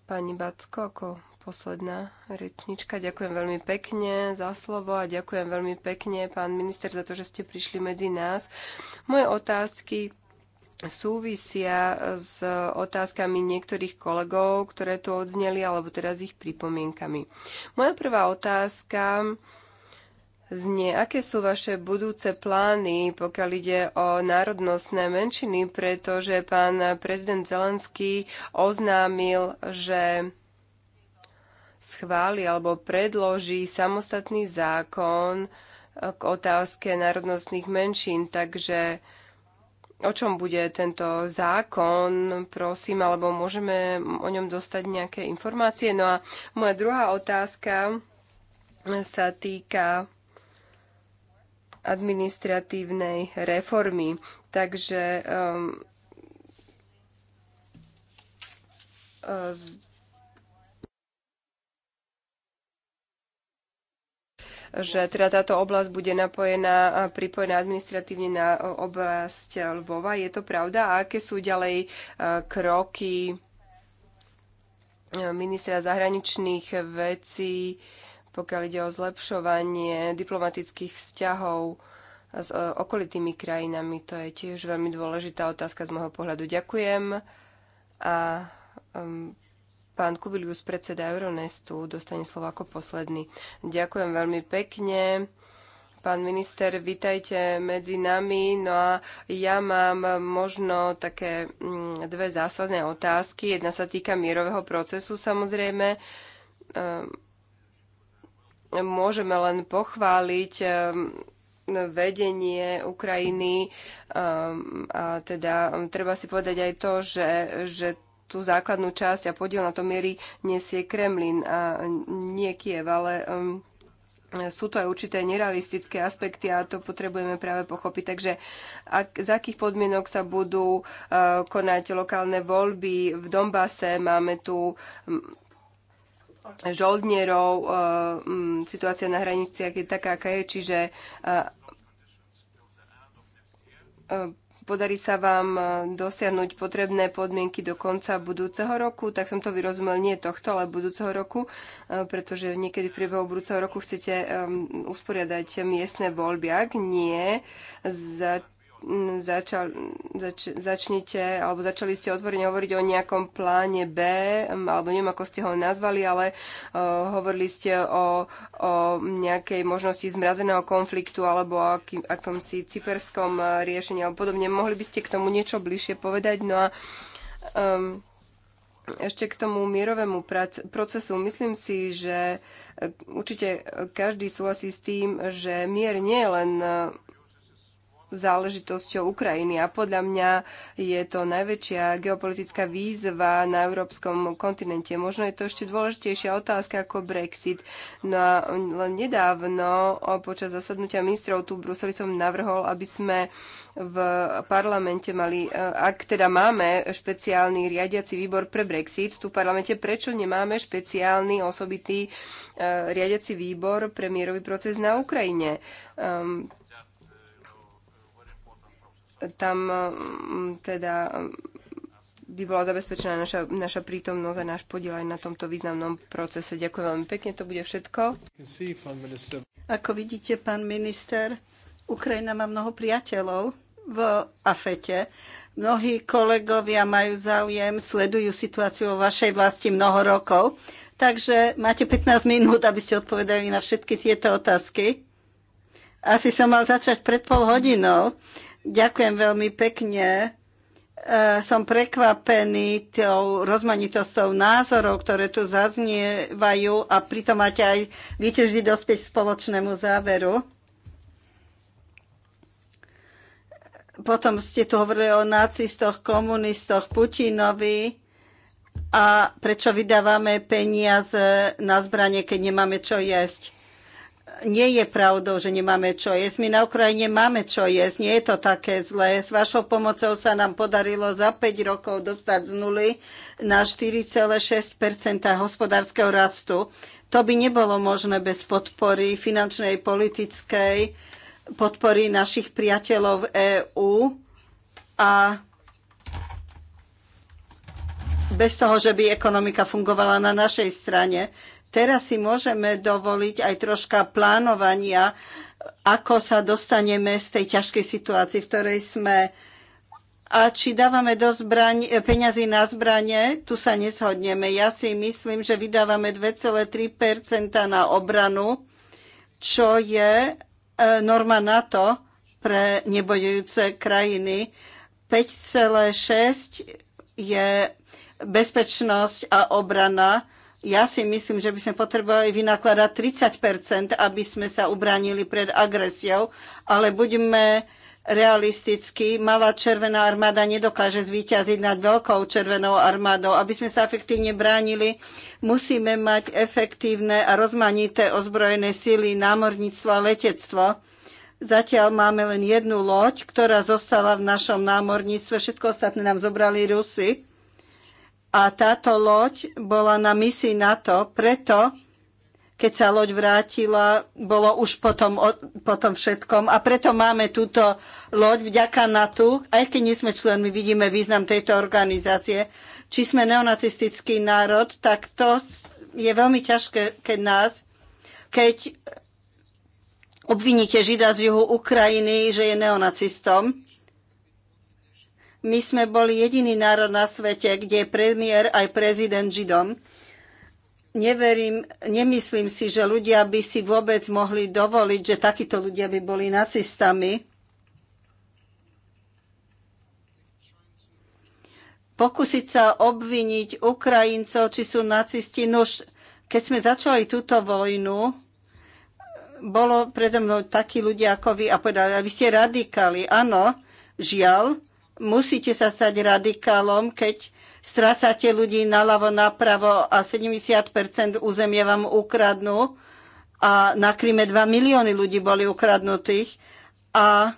Pani Backo, ako posledná rečnička, ďakujem veľmi pekne za slovo a ďakujem veľmi pekne, pán minister, za to, že ste prišli medzi nás. Moje otázky súvisia s otázkami niektorých kolegov, ktoré tu odzneli, alebo teraz ich pripomienkami. Moja prvá otázka znie, aké sú vaše budúce plány, pokiaľ ide o národnostné menšiny, pretože pán prezident Zelenský oznámil, že schváli alebo predloží samostatný zákon k otázke národnostných menšín, takže o čom bude tento zákon, prosím, alebo môžeme o ňom dostať nejaké informácie. No a moja druhá otázka sa týka administratívnej reformy. Takže um, že teda táto oblasť bude napojená, pripojená administratívne na oblasť Lvova. Je to pravda? A aké sú ďalej e, kroky e, ministra zahraničných vecí, pokiaľ ide o zlepšovanie diplomatických vzťahov s e, okolitými krajinami? To je tiež veľmi dôležitá otázka z môjho pohľadu. Ďakujem a um, Pán Kubilius, predseda Euronestu, dostane slovo ako posledný. Ďakujem veľmi pekne. Pán minister, vitajte medzi nami. No a ja mám možno také mm, dve zásadné otázky. Jedna sa týka mierového procesu samozrejme ehm, môžeme len pochváliť ehm, vedenie Ukrajiny ehm, a teda treba si povedať aj to, že, že tú základnú časť a podiel na to miery nesie Kremlin a nie Kiev, ale um, sú to aj určité nerealistické aspekty a to potrebujeme práve pochopiť. Takže ak, z akých podmienok sa budú uh, konať lokálne voľby v Dombase, máme tu um, žoldnierov, uh, um, situácia na hraniciach je taká, aká je, čiže uh, uh podarí sa vám e, dosiahnuť potrebné podmienky do konca budúceho roku, tak som to vyrozumel nie tohto, ale budúceho roku, e, pretože niekedy v priebehu budúceho roku chcete e, usporiadať miestne voľby. Ak nie, za začal, zač, začnite, alebo začali ste otvorene hovoriť o nejakom pláne B, alebo neviem, ako ste ho nazvali, ale uh, hovorili ste o, o nejakej možnosti zmrazeného konfliktu alebo o akým, akomsi cyperskom e, riešení alebo podobne. Mohli by ste k tomu niečo bližšie povedať? No a um, ešte k tomu mierovému procesu. Myslím si, že e, určite každý súhlasí s tým, že mier nie je len záležitosťou Ukrajiny a podľa mňa je to najväčšia geopolitická výzva na európskom kontinente. Možno je to ešte dôležitejšia otázka ako Brexit. No a len nedávno počas zasadnutia ministrov tu v Bruseli som navrhol, aby sme v parlamente mali, e, ak teda máme špeciálny riadiaci výbor pre Brexit tu v parlamente, prečo nemáme špeciálny osobitý e, riadiaci výbor pre mierový proces na Ukrajine? Ehm, tam mm, teda by bola zabezpečená naša, naša prítomnosť a náš podiel aj na tomto významnom procese. Ďakujem veľmi pekne, to bude všetko. Ako vidíte, pán minister, Ukrajina má mnoho priateľov v AFETE. Mnohí kolegovia majú záujem, sledujú situáciu vo vašej vlasti mnoho rokov. Takže máte 15 minút, aby ste odpovedali na všetky tieto otázky. Asi som mal začať pred pol hodinou. Ďakujem veľmi pekne. E, som prekvapený tou rozmanitosťou názorov, ktoré tu zaznievajú a pritom máte aj, viete vždy dospieť spoločnému záveru. Potom ste tu hovorili o nacistoch, komunistoch, Putinovi a prečo vydávame peniaze na zbranie, keď nemáme čo jesť nie je pravdou, že nemáme čo jesť. My na Ukrajine máme čo jesť. Nie je to také zlé. S vašou pomocou sa nám podarilo za 5 rokov dostať z nuly na 4,6 hospodárskeho rastu. To by nebolo možné bez podpory finančnej, politickej, podpory našich priateľov v EÚ a bez toho, že by ekonomika fungovala na našej strane. Teraz si môžeme dovoliť aj troška plánovania, ako sa dostaneme z tej ťažkej situácii, v ktorej sme a či dávame do zbraň, e, peňazí na zbranie, tu sa neshodneme. Ja si myslím, že vydávame 2,3 na obranu, čo je e, norma NATO pre nebojujúce krajiny. 5,6 je bezpečnosť a obrana ja si myslím, že by sme potrebovali vynakladať 30 aby sme sa ubránili pred agresiou, ale buďme realisticky, malá červená armáda nedokáže zvíťaziť nad veľkou červenou armádou. Aby sme sa efektívne bránili, musíme mať efektívne a rozmanité ozbrojené síly, námorníctvo a letectvo. Zatiaľ máme len jednu loď, ktorá zostala v našom námorníctve, všetko ostatné nám zobrali Rusy. A táto loď bola na misii NATO, preto keď sa loď vrátila, bolo už potom, potom všetkom. A preto máme túto loď vďaka NATO, aj keď nie sme členmi, vidíme význam tejto organizácie. Či sme neonacistický národ, tak to je veľmi ťažké, keď nás, keď obviníte Žida z juhu Ukrajiny, že je neonacistom. My sme boli jediný národ na svete, kde je premiér aj prezident Židom. Neverím, nemyslím si, že ľudia by si vôbec mohli dovoliť, že takíto ľudia by boli nacistami. Pokúsiť sa obviniť Ukrajincov, či sú nacisti, nož keď sme začali túto vojnu, bolo predo mnou takí ľudia ako vy a povedali, a vy ste radikáli. Áno, žiaľ, Musíte sa stať radikálom, keď strácate ľudí naľavo, napravo a 70% územie vám ukradnú a na Kryme 2 milióny ľudí boli ukradnutých a,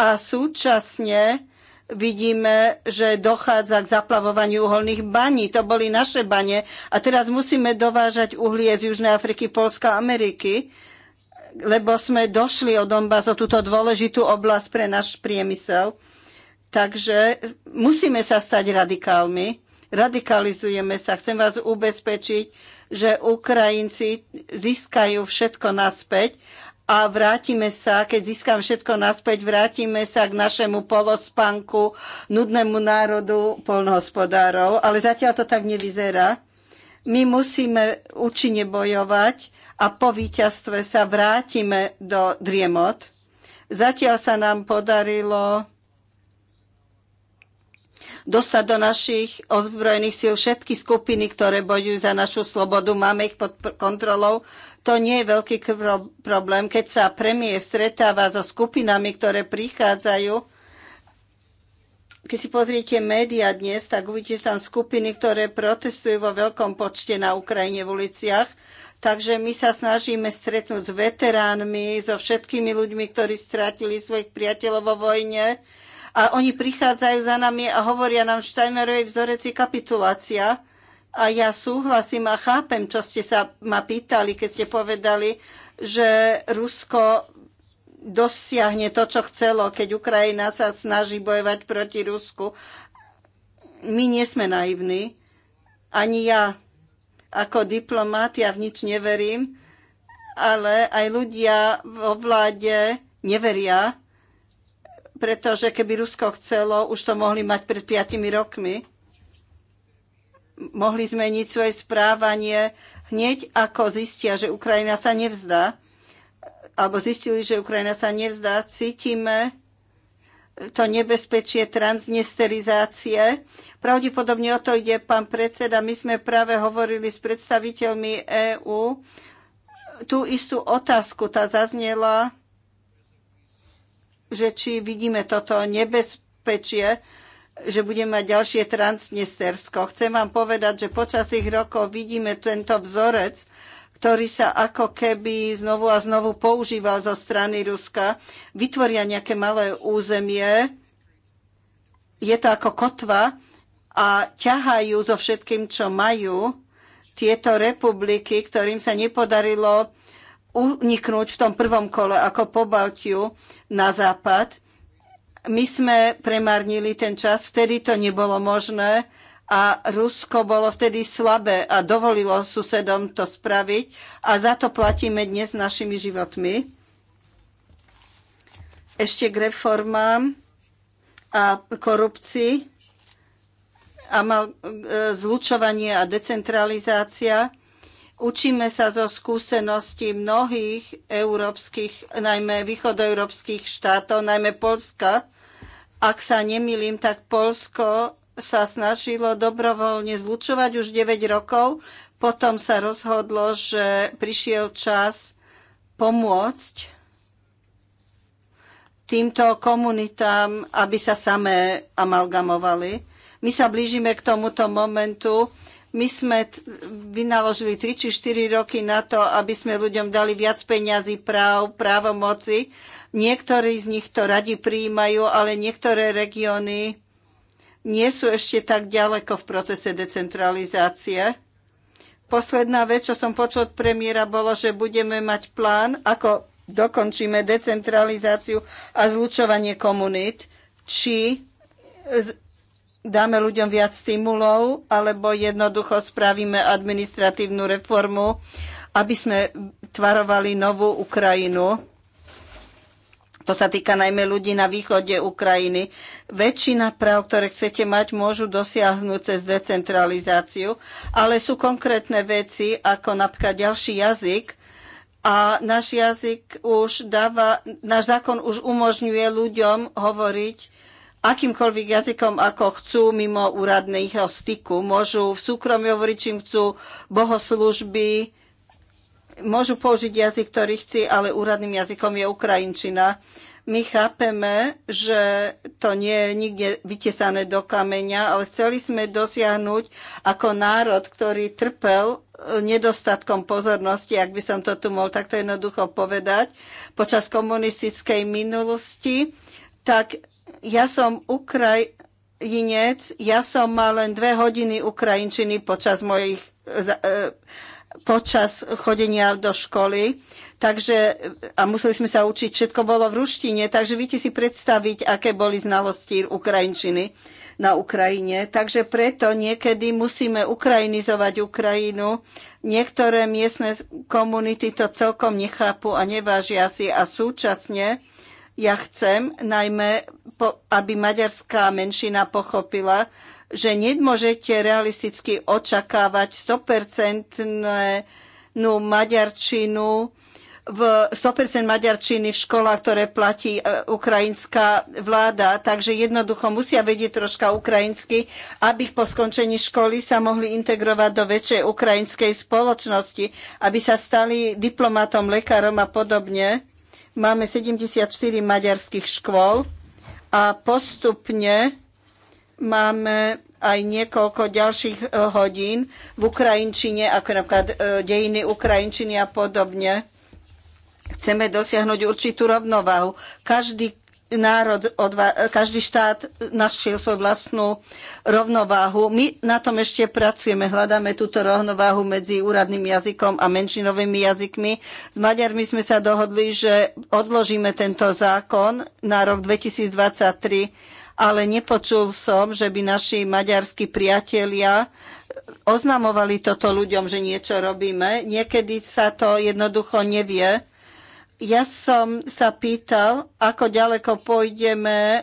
a súčasne vidíme, že dochádza k zaplavovaniu uholných baní. To boli naše bane. A teraz musíme dovážať uhlie z Južnej Afriky, Polska, Ameriky lebo sme došli od Donbass o túto dôležitú oblasť pre náš priemysel. Takže musíme sa stať radikálmi, radikalizujeme sa. Chcem vás ubezpečiť, že Ukrajinci získajú všetko naspäť a vrátime sa, keď získam všetko naspäť, vrátime sa k našemu polospanku, nudnému národu polnohospodárov. Ale zatiaľ to tak nevyzerá. My musíme účinne bojovať a po víťazstve sa vrátime do driemot. Zatiaľ sa nám podarilo dostať do našich ozbrojených síl všetky skupiny, ktoré bojujú za našu slobodu, máme ich pod kontrolou. To nie je veľký problém, keď sa premiér stretáva so skupinami, ktoré prichádzajú. Keď si pozriete médiá dnes, tak uvidíte tam skupiny, ktoré protestujú vo veľkom počte na Ukrajine v uliciach Takže my sa snažíme stretnúť s veteránmi, so všetkými ľuďmi, ktorí stratili svojich priateľov vo vojne. A oni prichádzajú za nami a hovoria nám Steinerovej vzoreci kapitulácia. A ja súhlasím a chápem, čo ste sa ma pýtali, keď ste povedali, že Rusko dosiahne to, čo chcelo, keď Ukrajina sa snaží bojovať proti Rusku. My nie sme naivní. Ani ja ako diplomat, ja v nič neverím, ale aj ľudia vo vláde neveria, pretože keby Rusko chcelo, už to mohli mať pred 5 rokmi. Mohli zmeniť svoje správanie hneď ako zistia, že Ukrajina sa nevzdá, alebo zistili, že Ukrajina sa nevzdá, cítime, to nebezpečie transnesterizácie. Pravdepodobne o to ide pán predseda. My sme práve hovorili s predstaviteľmi EÚ. Tú istú otázku tá zaznela, že či vidíme toto nebezpečie, že budeme mať ďalšie transnestersko. Chcem vám povedať, že počas tých rokov vidíme tento vzorec ktorý sa ako keby znovu a znovu používal zo strany Ruska, vytvoria nejaké malé územie, je to ako kotva a ťahajú so všetkým, čo majú tieto republiky, ktorým sa nepodarilo uniknúť v tom prvom kole ako po Baltiu na západ. My sme premarnili ten čas, vtedy to nebolo možné a Rusko bolo vtedy slabé a dovolilo susedom to spraviť a za to platíme dnes našimi životmi. Ešte k reformám a korupcii a mal, e, zlučovanie a decentralizácia. Učíme sa zo skúseností mnohých európskych, najmä východoeurópskych štátov, najmä Polska. Ak sa nemýlim, tak Polsko sa snažilo dobrovoľne zlučovať už 9 rokov. Potom sa rozhodlo, že prišiel čas pomôcť týmto komunitám, aby sa samé amalgamovali. My sa blížime k tomuto momentu. My sme vynaložili 3 či 4 roky na to, aby sme ľuďom dali viac peňazí, práv, právomoci. Niektorí z nich to radi prijímajú, ale niektoré regióny nie sú ešte tak ďaleko v procese decentralizácie. Posledná vec, čo som počul od premiéra, bolo, že budeme mať plán, ako dokončíme decentralizáciu a zlučovanie komunít, či dáme ľuďom viac stimulov, alebo jednoducho spravíme administratívnu reformu, aby sme tvarovali novú Ukrajinu to sa týka najmä ľudí na východe Ukrajiny. Väčšina práv, ktoré chcete mať, môžu dosiahnuť cez decentralizáciu, ale sú konkrétne veci, ako napríklad ďalší jazyk, a náš jazyk už dáva, náš zákon už umožňuje ľuďom hovoriť akýmkoľvek jazykom, ako chcú, mimo úradného styku. Môžu v súkromí hovoriť, čím chcú, bohoslužby, Môžu použiť jazyk, ktorý chci, ale úradným jazykom je ukrajinčina. My chápeme, že to nie je nikde vytesané do kameňa, ale chceli sme dosiahnuť ako národ, ktorý trpel eh, nedostatkom pozornosti, ak by som to tu mohol takto jednoducho povedať, počas komunistickej minulosti, tak ja som Ukrajinec, ja som mal len dve hodiny Ukrajinčiny počas mojich eh, počas chodenia do školy. Takže, a museli sme sa učiť, všetko bolo v ruštine, takže víte si predstaviť, aké boli znalosti Ukrajinčiny na Ukrajine. Takže preto niekedy musíme ukrajinizovať Ukrajinu. Niektoré miestne komunity to celkom nechápu a nevážia si a súčasne ja chcem najmä, aby maďarská menšina pochopila, že nemôžete realisticky očakávať 100% maďarčinu v 100% maďarčiny v školách, ktoré platí e, ukrajinská vláda. Takže jednoducho musia vedieť troška ukrajinsky, aby po skončení školy sa mohli integrovať do väčšej ukrajinskej spoločnosti, aby sa stali diplomatom, lekárom a podobne. Máme 74 maďarských škôl a postupne máme aj niekoľko ďalších e, hodín v Ukrajinčine, ako napríklad e, dejiny Ukrajinčiny a podobne. Chceme dosiahnuť určitú rovnováhu. Každý národ, e, každý štát našiel svoju vlastnú rovnováhu. My na tom ešte pracujeme, hľadáme túto rovnováhu medzi úradným jazykom a menšinovými jazykmi. S Maďarmi sme sa dohodli, že odložíme tento zákon na rok 2023 ale nepočul som, že by naši maďarskí priatelia oznamovali toto ľuďom, že niečo robíme. Niekedy sa to jednoducho nevie. Ja som sa pýtal, ako ďaleko pôjdeme e,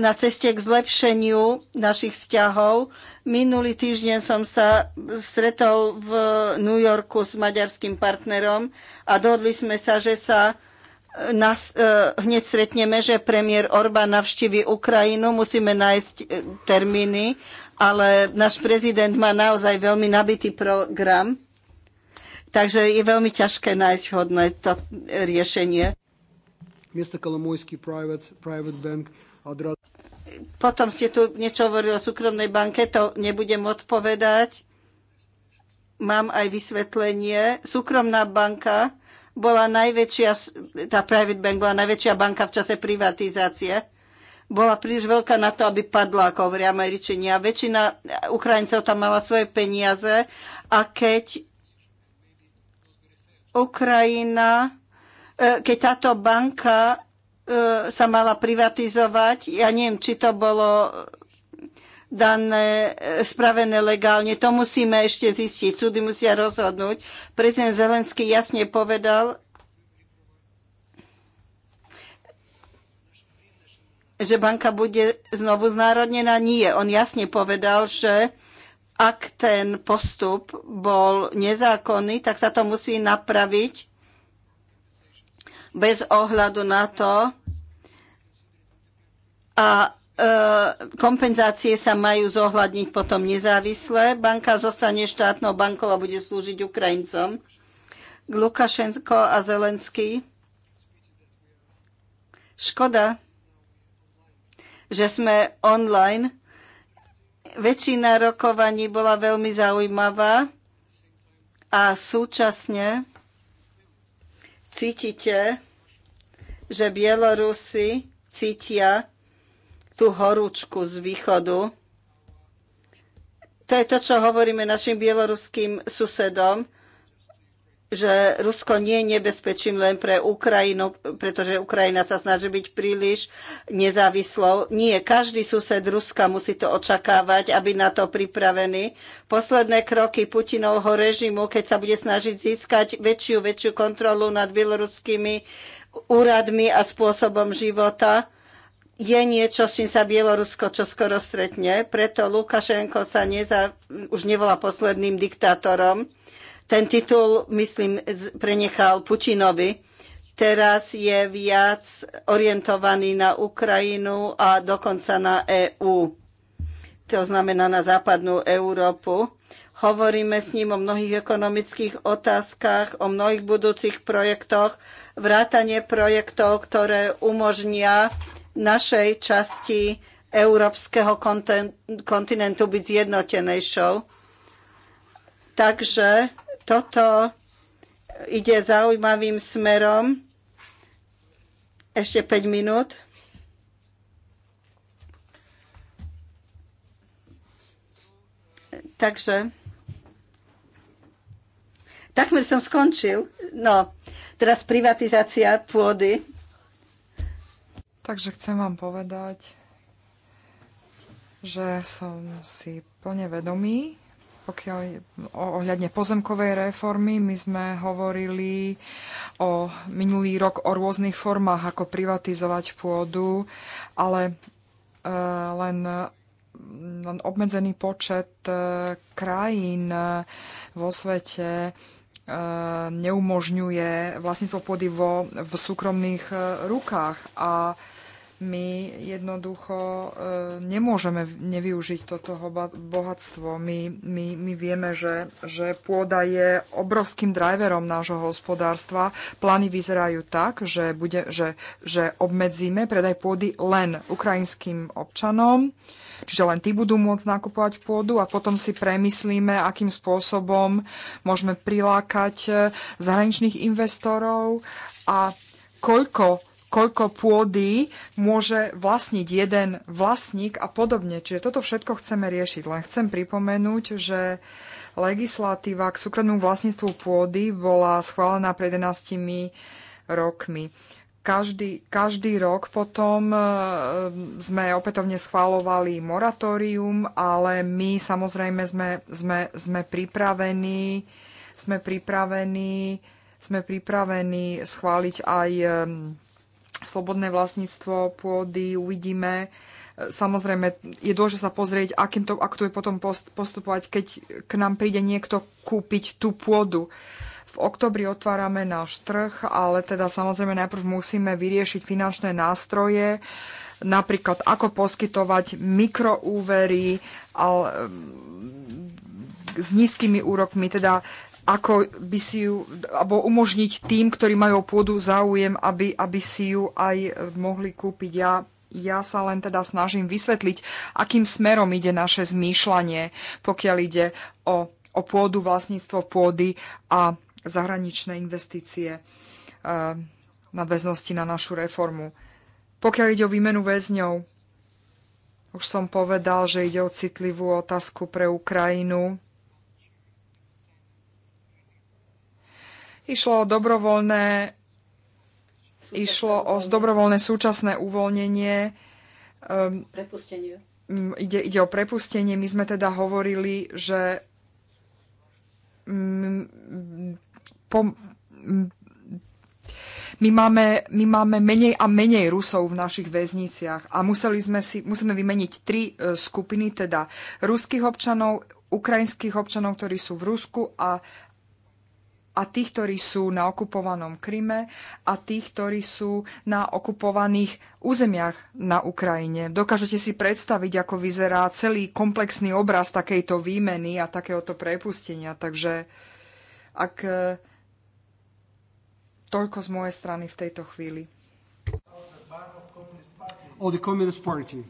na ceste k zlepšeniu našich vzťahov. Minulý týždeň som sa stretol v New Yorku s maďarským partnerom a dohodli sme sa, že sa nás e, hneď stretneme, že premiér Orbán navštívi Ukrajinu, musíme nájsť e, termíny, ale náš prezident má naozaj veľmi nabitý program, takže je veľmi ťažké nájsť vhodné to e, riešenie. Kolomojský private, private bank odra... Potom ste tu niečo hovorili o súkromnej banke, to nebudem odpovedať. Mám aj vysvetlenie. Súkromná banka bola najväčšia, tá Private Bank bola najväčšia banka v čase privatizácie. Bola príliš veľká na to, aby padla, ako hovoria Američania. Väčšina Ukrajincov tam mala svoje peniaze a keď Ukrajina, e, keď táto banka e, sa mala privatizovať, ja neviem, či to bolo dané, e, spravené legálne. To musíme ešte zistiť. Súdy musia rozhodnúť. Prezident Zelenský jasne povedal, že banka bude znovu znárodnená. Nie, on jasne povedal, že ak ten postup bol nezákonný, tak sa to musí napraviť bez ohľadu na to, a E, kompenzácie sa majú zohľadniť potom nezávisle. Banka zostane štátnou bankou a bude slúžiť Ukrajincom. Lukašenko a Zelenský. Škoda, že sme online. Väčšina rokovaní bola veľmi zaujímavá a súčasne cítite, že Bielorusi cítia, tú horúčku z východu. To je to, čo hovoríme našim bieloruským susedom, že Rusko nie je nebezpečím len pre Ukrajinu, pretože Ukrajina sa snaží byť príliš nezávislou. Nie, každý sused Ruska musí to očakávať, aby na to pripravený. Posledné kroky Putinovho režimu, keď sa bude snažiť získať väčšiu, väčšiu kontrolu nad bieloruskými úradmi a spôsobom života, je niečo, s čím sa Bielorusko čoskoro stretne, preto Lukašenko sa neza, už nevolá posledným diktátorom. Ten titul, myslím, prenechal Putinovi. Teraz je viac orientovaný na Ukrajinu a dokonca na EÚ. To znamená na západnú Európu. Hovoríme s ním o mnohých ekonomických otázkach, o mnohých budúcich projektoch, vrátanie projektov, ktoré umožnia našej časti európskeho kontinentu byť zjednotenejšou. Takže toto ide zaujímavým smerom. Ešte 5 minút. Takže takmer som skončil. No, teraz privatizácia pôdy. Takže chcem vám povedať, že som si plne vedomý, pokiaľ o, ohľadne pozemkovej reformy, my sme hovorili o minulý rok o rôznych formách, ako privatizovať pôdu, ale e, len len obmedzený počet e, krajín e, vo svete e, neumožňuje vlastníctvo pôdy vo, v súkromných rukách a my jednoducho e, nemôžeme nevyužiť toto bohatstvo. My, my, my vieme, že, že pôda je obrovským driverom nášho hospodárstva. Plány vyzerajú tak, že, bude, že, že obmedzíme predaj pôdy len ukrajinským občanom, čiže len tí budú môcť nakupovať pôdu a potom si premyslíme, akým spôsobom môžeme prilákať e, zahraničných investorov a koľko koľko pôdy môže vlastniť jeden vlastník a podobne. Čiže toto všetko chceme riešiť. Len chcem pripomenúť, že legislatíva k súkromnému vlastníctvu pôdy bola schválená pred 11 rokmi. Každý, každý rok potom e, sme opätovne schválovali moratórium, ale my samozrejme sme, sme, sme pripravení sme pripravení sme pripravení schváliť aj slobodné vlastníctvo pôdy, uvidíme. E, samozrejme, je dôležité sa pozrieť, akým to, ako to je potom postupovať, keď k nám príde niekto kúpiť tú pôdu. V oktobri otvárame náš trh, ale teda samozrejme najprv musíme vyriešiť finančné nástroje, napríklad ako poskytovať mikroúvery ale, s nízkymi úrokmi, teda ako by si ju, alebo umožniť tým, ktorí majú pôdu záujem, aby, aby si ju aj e, mohli kúpiť. Ja, ja sa len teda snažím vysvetliť, akým smerom ide naše zmýšľanie, pokiaľ ide o, o pôdu, vlastníctvo pôdy a zahraničné investície e, na väznosti na našu reformu. Pokiaľ ide o výmenu väzňov, už som povedal, že ide o citlivú otázku pre Ukrajinu Išlo o dobrovoľné súčasné išlo uvoľnenie. o dobrovoľné súčasné uvoľnenie. Um, prepustenie. Ide, ide o prepustenie. My sme teda hovorili, že po, my máme, my máme menej a menej Rusov v našich väzniciach a museli sme si, musíme vymeniť tri e, skupiny, teda ruských občanov, ukrajinských občanov, ktorí sú v Rusku a a tých, ktorí sú na okupovanom Kryme a tých, ktorí sú na okupovaných územiach na Ukrajine. Dokážete si predstaviť, ako vyzerá celý komplexný obraz takejto výmeny a takéhoto prepustenia. Takže ak e, toľko z mojej strany v tejto chvíli. Oh, the Communist Party.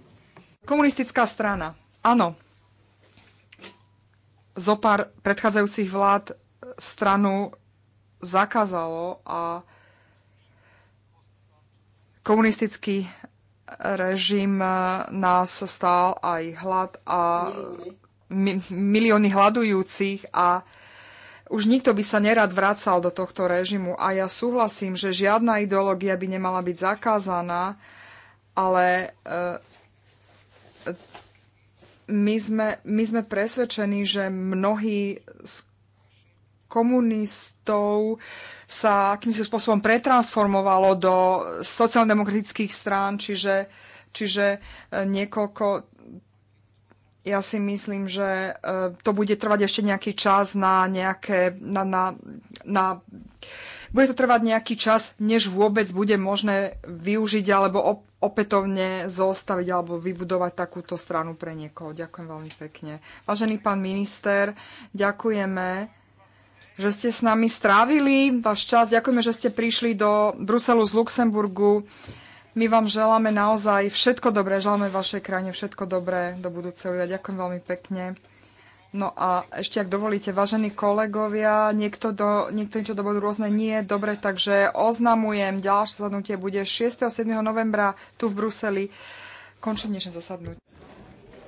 Komunistická strana. Áno. Zopár predchádzajúcich vlád stranu zakázalo a komunistický režim e, nás stál aj hlad a mi, milióny hľadujúcich a už nikto by sa nerad vracal do tohto režimu a ja súhlasím, že žiadna ideológia by nemala byť zakázaná, ale e, my, sme, my sme presvedčení, že mnohí z komunistov sa akýmsi spôsobom pretransformovalo do sociálno-demokratických strán, čiže, čiže e, niekoľko... Ja si myslím, že e, to bude trvať ešte nejaký čas na nejaké... Na, na, na, bude to trvať nejaký čas, než vôbec bude možné využiť alebo opätovne zostaviť alebo vybudovať takúto stranu pre niekoho. Ďakujem veľmi pekne. Vážený pán minister, ďakujeme že ste s nami strávili váš čas. Ďakujeme, že ste prišli do Bruselu z Luxemburgu. My vám želáme naozaj všetko dobré, želáme vašej krajine všetko dobré do budúceho. Ja ďakujem veľmi pekne. No a ešte, ak dovolíte, vážení kolegovia, niekto, do, niekto niečo do bodu rôzne nie je dobre, takže oznamujem, ďalšie zasadnutie bude 6. a 7. novembra tu v Bruseli. Končím dnešné zasadnutie.